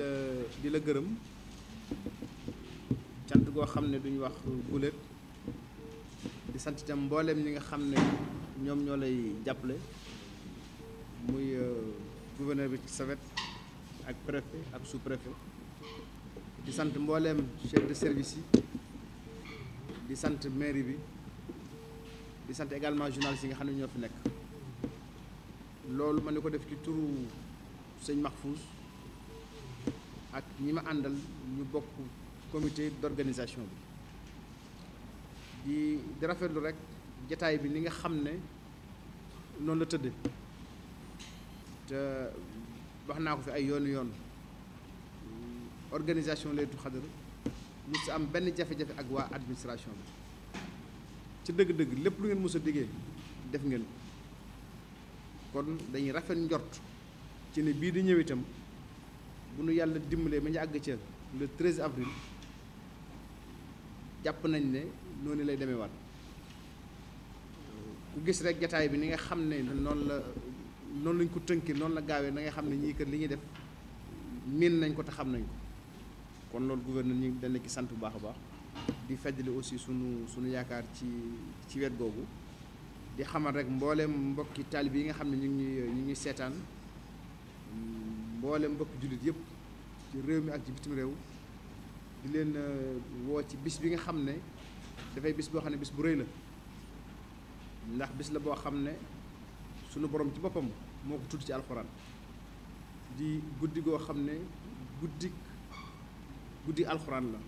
la di la gërëm cant goo xam ne wax di sant itam ñi nga xam ne ñoom ñoo muy euh, gouverneur bi ak préfet ak sous-préfet di sant chef de service di sant maire bi di également journaliste yi nga xam ñoo fi nekk loolu def ci ak ñi ma àndal ñu bokk comité d'organisation bi di di rafetlu rek jataay bi ni nga xam ne noonu la tëdde te wax naa ko fi ay yoonu yoon organisation Laylatul Qadr mu si am benn jafe-jafe ak waa administration bi ci dëgg-dëgg lépp lu ngeen mës a diggee def ngeen ko kon dañuy rafet njort ci ne bii di ñëw itam bu nu yàlla dimbalee ba ñu àgg ca le 13 avril jàpp nañ ne noonu lay demee waat ku gis rek jataay bi ni nga xam ne noonu la noonu lañ ko tënkee noonu la gaawee na nga xam ne ñii kër li ñuy def miin nañ ko te xam nañ ko kon loolu gouverneur ñu dañ la ci sant bu baax a baax di fajle aussi sunu sunu yaakaar ci ci wet googu di xamal rek mbooleem mbokki taalib yi nga xam ne ñu ngi ñu ngi seetaan mboolem mbokk jullit yëpp ci réew mi ak ci bitim réew di leen euh, woo ci bis bi nga xam ne dafay bis boo xam ne bis bu rëy la ndax bis la boo xam ne sunu borom ci boppam moo ko tudd ci alxuraan di guddi goo xam ne guddi guddi alxuraan la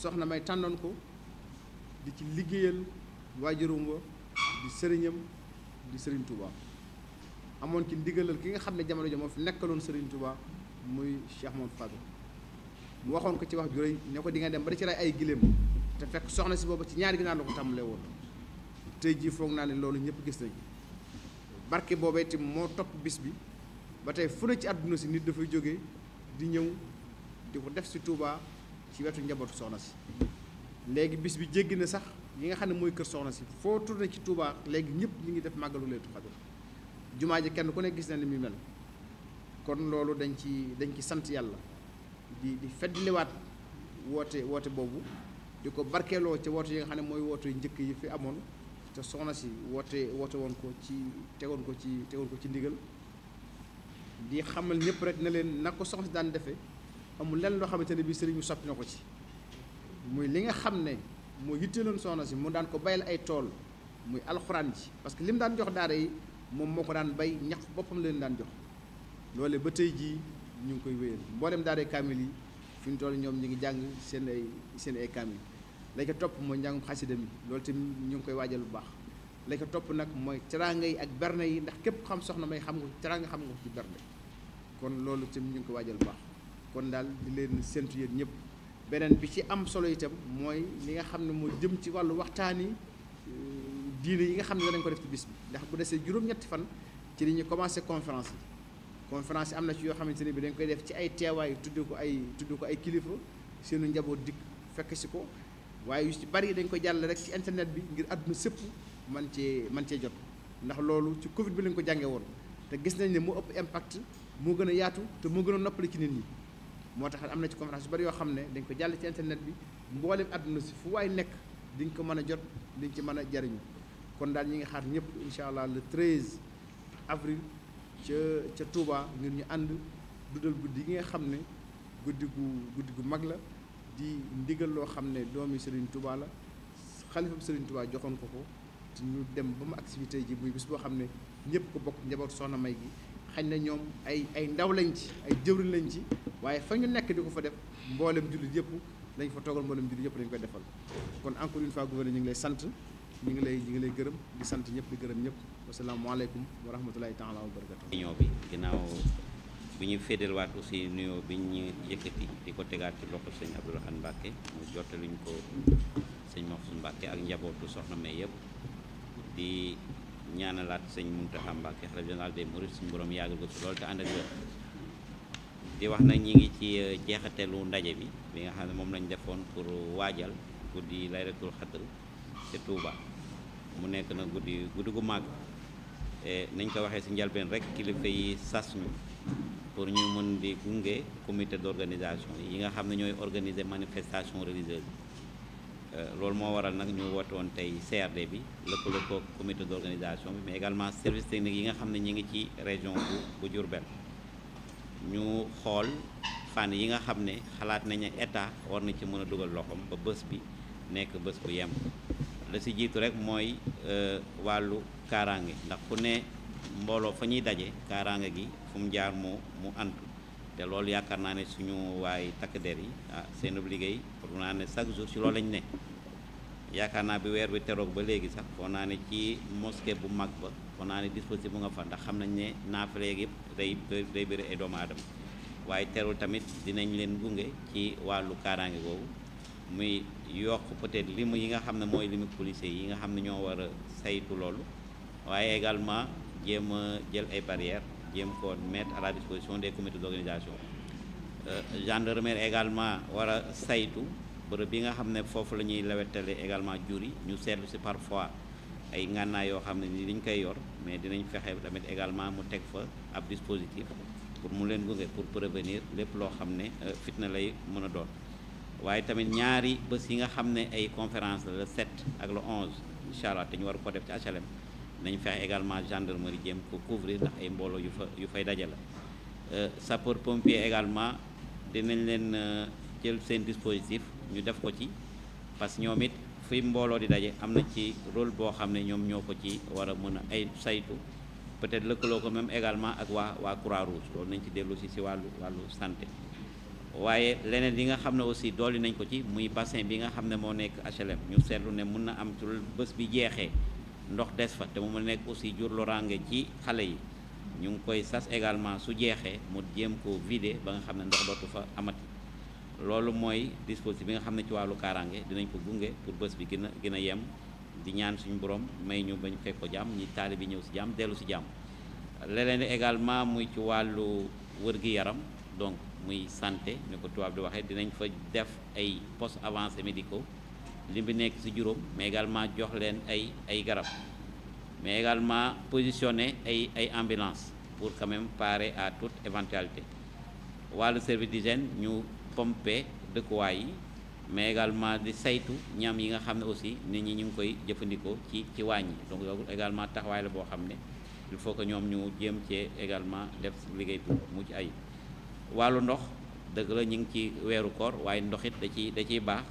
soxna may tànnoon ko di ci liggéeyal waajurum wa di sëriñam di sëriñ Touba. amoon ci ndigalal ki nga xam ne jamono jo moo fi nekkaloon Serigne Touba muy Cheikh Mouhamed Fadel mu waxoon ko ci wax ju rëy ne ko di nga dem ba di ci rey ay giléem te fekk soxna si boobu ci ñaari ginaar la ko tàmbalee woon tey jii foog naa ne loolu ñëpp gis nañ barke boobee itam moo topp bis bi ba tey fu ne ci àdduna si nit dafay jóge di ñëw di ko def si Touba ci wetu njaboot soxna si léegi bis bi jéggi na sax yi nga xam ne mooy kër soxna si foo tourné ci Touba léegi ñëpp ñi ngi def màggalu Laylatul jumaa ji kenn ku ne gis na mel kon loolu dañ ci dañ ci sant yàlla di di feddliwaat woote woote boobu di ko barkeeloo ci woote yi nga xam ne mooy woote njëkk yi fi amoon te si ko ci ko ci ko ci ndigal di xamal rek leen daan ne bi ko ci muy li nga si mu daan ko bayal ay parce que moom moo ko daan bay ñax boppam leen daan jox loole ba tey jii ñu ngi koy wéyal mboolem daaree kaamil yi fi ñu toll ñoom ñu ngi jàng seen ay seen ay kaamil la ca topp mooy njàngum xasida loolu tamit ñu ngi koy waajal bu baax la topp nag mooy teraanga yi ak berne yi ndax képp xam soxna may xam nga teraanga xam nga ci berne kon loolu tamit ñu ngi koy waajal bu baax kon daal di leen séntu yéen ñëpp beneen bi ci am solo itam mooy li nga xam ne moo jëm ci wàllu waxtaan yi diine yi nga xam ne danañ ko def ci bis bi ndax bu desee juróom-ñetti fan ci li ñu commencé conférence yi conférence yi am na ci yoo xamante ne bi dañ koy def ci ay teewaay tudde ko ay tudde ko ay kilifa seenu njaboot dikk fekk si ko waaye ci bari dañ ko jàll rek ci internet bi ngir àdduna sëpp man cee man cee jot ndax loolu ci Covid bi lañ ko jàngee woon te gis nañ ne mu ëpp impact moo gën a yaatu te moo gën a noppali ci nit ñi moo tax am na ci conférence yu bari yoo xam ne dañ ko jàll ci internet bi mboolem àdduna si fu waay nekk di nga ko mën a jot di nga ci mën a jariñu kon daal ñi ngi xaar ñëpp incha allah le 13 avril ca ca Touba ngir ñu ànd dudal guddi yi nga xam ne guddi gu guddi gu mag la di ndigal loo xam ne doomi Serigne Touba la xalifam Serigne Touba joxoon ko ko te ñu dem ba mu activité ji muy bis boo xam ne ñëpp ko bokk njaboot soxna May gi xañ na ñoom ay ay ndaw lañ ci ay jëwriñ lañ ci waaye fa ñu nekk di ko fa def mboolem jullit yëpp lañ fa toogal mboolem jullit yëpp lañ koy defal kon encore une fois ñu ngi lay sant. ñi ngi lay ngi lay gërëm di sant ñëpp di gërëm ñëpp wa taala wa barakatu ñoo bi ginnaaw bi ñu féedelwaat aussi nuyoo bi ñu yëkkati di ko tegaat ci loxo sëñ abdourahman mbàkke mu jottaliñ ko sëñ maxsun ak njabootu soxna may yëpp di ñaanalaat sëñ muntaxa mbàkke xalif des mourides suñu borom yàggal ko ci loolu te ànd ak di wax nag ñi ngi ci euh, jeexatelu ndaje bi bi nga xam ne moom lañ defoon pour waajal guddi ci Touba mu nekk na guddi guddi gu màgg e nañ ko waxee si njalbeen rek kilifa yi sas ñu pour ñu mën di gunge comité d'organisation yi nga xam ne ñooy organiser manifestation religieuse e loolu moo waral nag ñu woote tey CRD bi lëkkaloo ko comité d'organisation bi mais également service technique yi nga xam ne ñi ngi ci région bu bu Diourbel ñu xool fànn yi nga xam ne xalaat nañ ne état war na ci mën a dugal loxoom ba bés bi nekk bés bu yem la si jiitu rek mooy euh, wàllu kaaraange ndax ku ne mbooloo fa ñuy daje kaaraange gi fu jaar mu mu antu te loolu yaakaar naa ne suñu waay takk der yi ah seen liggéey pour naa ne chaque jour ci loolu lañ ne yaakaar naa bi weer bi teroog ba léegi sax foo naa ne ci moske bu mag ba foo naa ne dispositif bu nga fa ndax xam nañ ne naafale yëpp day day bëri ay doomu aadama waaye terul tamit dinañ leen gunge ci wàllu kaaraange googu yokk peut-être limu yi nga xam ne mooy limu policiers yi nga xam ne ñoo war a saytu loolu waaye également jéem a jël ay barrières jéem ko mettre à la disposition des comités d'organisation euh, gendarmerie également war saytu bërëb bi nga xam ne foofu la ñuy lawetale également jur ñu seetlu si parfois ay ngànnaay yoo xam ne ni dañ koy yor mais dinañ fexe tamit également mu teg fa ab dispositif pour mu leen gunge pour prévenir lépp loo xam ne euh, fitna lay mën a doon. waaye tamit ñaari bés yi nga xam ne ay conférence la le ak le onze incha allah te ñu war ko def ci HLM nañ fexe également gendarmerie jéem ko couvrir ndax ay mbooloo yu fa yu fay daje la euh, sapeur pompier également dinañ leen euh, jël seen dispositif ñu def ko ci parce que ñoom it fi mbooloo di daje am na ci rôle boo xam ne ñoom ñoo ko ci war a mën a ay saytu peut-être lëkkaloo ko même également ak waa waa Croix-Rouge loolu nañ ci dellu si si wàllu wàllu santé waaye leneen li nga xam ne aussi dolli nañ ko ci muy bassin bi nga xam ne moo nekk HLM ñu seetlu ne mun na am ci bés bi jeexee ndox des fa te mu ma nekk aussi jur loraange ci xale yi ñu ngi koy sas également su jeexee mu jéem ko vider ba nga xam ne ndox dootu fa amati loolu mooy dispositif bi nga xam ne ci wàllu kaaraange dinañ ko gunge pour bés bi gën a gën a yem di ñaan suñu borom may ñu ba ñu fekk ko jàmm ñi taali bi ñëw si jàmm dellu si jàmm leneen également muy ci wàllu wër gi yaram donc muy santé ni ko tubaab di waxee dinañ fa def ay postes avancés médicaux li bi nekk ci juróom mais également jox leen ay ay garab mais également positionner ay ay ambulance pour quand même parer à toute éventualité wàllu service d'hygiène ñu pomper dëkkuwaay yi mais également di saytu ñam yi nga xam ne aussi nit ñi ñu ngi koy jëfandikoo ci ci wàññi donc loolu également taxawaay la boo xam ne il faut que ñoom ñu jéem cee également def liggéey bu mucc ayib wàllu ndox dëgg la ñu ngi ci weeru kor waaye ndoxit da ciy da ciy baax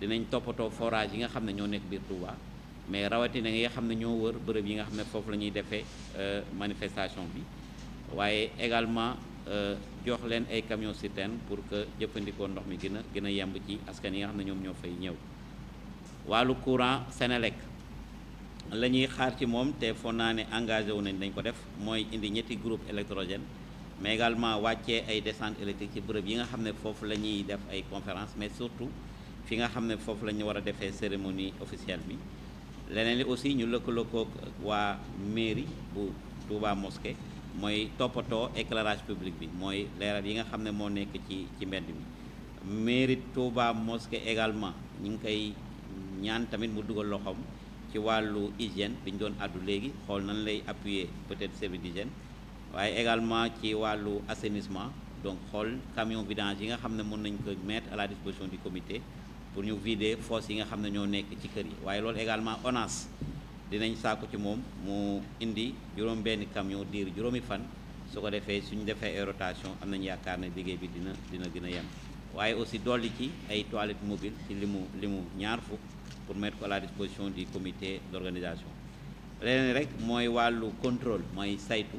dinañ toppatoo forage yi nga xam ne ñoo nekk biir Touba mais rawatina yi nga xam ne ñoo wër bërëb yi nga xam ne foofu la ñuy defee euh, manifestation bi waaye également euh, jox leen ay camion citerne pour que jëfandikoo ndox mi gën a gën a yemb ci askan yi nga xam ne ñoom ñoo fay ñëw wàllu courant Sénélec la ñuy xaar ci moom te foog naa ne engagé wu nañ dañ ko def mooy indi ñetti groupe électrogène mais également wàccee ay descente électrique ci bërëb yi nga xamné fofu lañuy def ay conférence mais surtout fi nga xamné ne lañu wara défé cérémonie officielle bi leneen li aussi ñu lëkkaloo ko wa mairie bu Touba mosquée moy topato éclairage public bi moy leral yi nga xamné mo nekk ci ci mbedd mairie Touba mosquée également ñu ngi koy ñaan tamit mu dugal loxoom ci walu hygiène biñ doon addu légui xol nan lay appuyer peut-être service d'hygiène waaye également ci wàllu assainissement donc xool camion vidange yi nga xam ne mën nañ ko mettre à la disposition du comité pour ñu vider fosse yi nga xam ne ñoo nekk ci kër yi waaye loolu également ONAS dinañ saako ci moom mu indi juróom benn camion diir juróomi fan su ko defee suñu defee rotation am nañ yaakaar ne liggéey bi dina dina gën a yem waaye aussi dolli ci ay toilettes mobiles ci limu limu ñaar fukk pour mettre ko à la disposition du comité d'organisation leneen rek mooy wàllu contrôle mooy saytu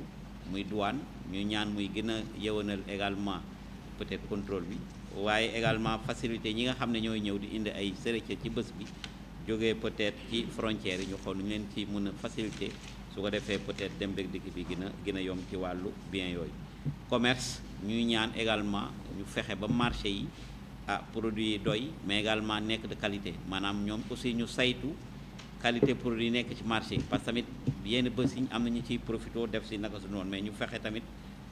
muy douane ñu ñaan muy gën a yewanal également peut-être contrôle bi waaye également facilité ñi nga xam ne ñooy ñëw di indi ay charretiers ci bés bi jógee peut-être ci frontières yi ñu xool ñu leen ci mën a facilité su ko defee peut-être dem beeg dikk bi gën a gën a yomb ci wàllu bien yooyu commerce ñuy ñaan également ñu fexe ba marché yi ah produit doy mais également nekk de qualité maanaam ñoom aussi ñu saytu qualité produit nekk ci marché parce que tamit yenn bés yi am na ñu ciy profité def si naka su noonu mais ñu fexe tamit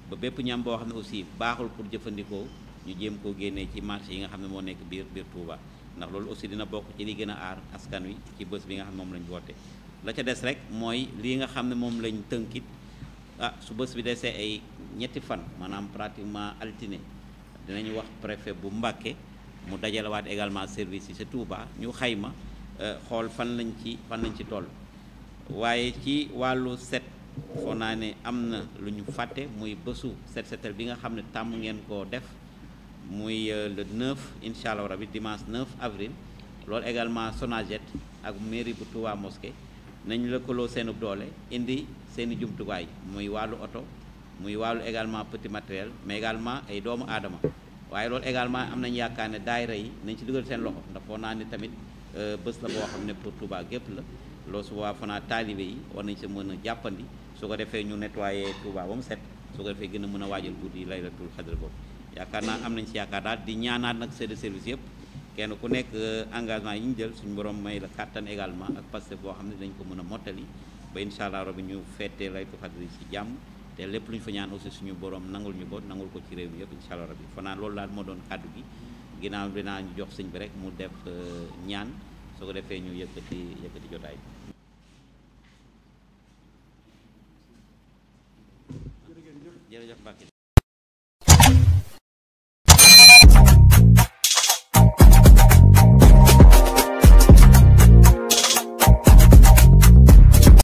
ba bépp ñam boo xam ne aussi baaxul pour jëfandikoo ñu jéem koo génnee ci marché yi nga ne moo biir biir Touba ndax loolu aussi dina bok ci li ar a aar askan wi ci bés bi nga xam ne lañ woote la ca des rek mooy lii nga xam ne moom lañ tënkit ah su bés bi desee ay ñetti fan maanaam pratiquement altine dinañ wax préfet bu Mbàkke mu dajalawaat également service yi Touba ñu xayma Euh, xool fan lañ ci fan lañ ci tool waaye ci wàllu set foo naa ne am na lu ñu fàtte muy bésu set setal bi nga xam ne tàmm ngeen koo def muy euh, le 9 incha allah rabi dimanche 9 avril loolu également Sonaget ak mairie bu Touba Mosquée nañ lëkkaloo seenub doole indi seeni jumtuwaay muy wàllu oto muy wàllu également petit matériel mais également ay doomu aadama waaye loolu également am nañ yaakaar ne daay rey nañ ci dugal seen loxo ndax foo tamit Euh, bës la boo xam ne pour Touba gépp la loolu su boobaa fanaa taalibe yi war nañ sa mën a jàppandi su ko defee ñu nettoyé Touba ba mu set su ko defee gën a mën a waajal guddi laylatul xadr boobu yaakaar naa am nañ si yaakaar daal di ñaanaat nag chef service yëpp kenn ku nekk euh, engagement yi ñu jël suñu borom may la kàttan également ak paste boo xam ne dañ ko mën a mottali ba incha allah rabi ñu feetee laylatul xadr si jàmm te lépp lu ñu fa ñaan aussi suñu borom nangul ñu ko nangul ko ci réew yëpp incha allah rabi fanaa loolu daal moo doon kàddu gi ginnaaw bi dinaa ñu jox sëñ bi rek mu def euh, ñaan su ko defee ñu yëkkati yëkkati jotaay bi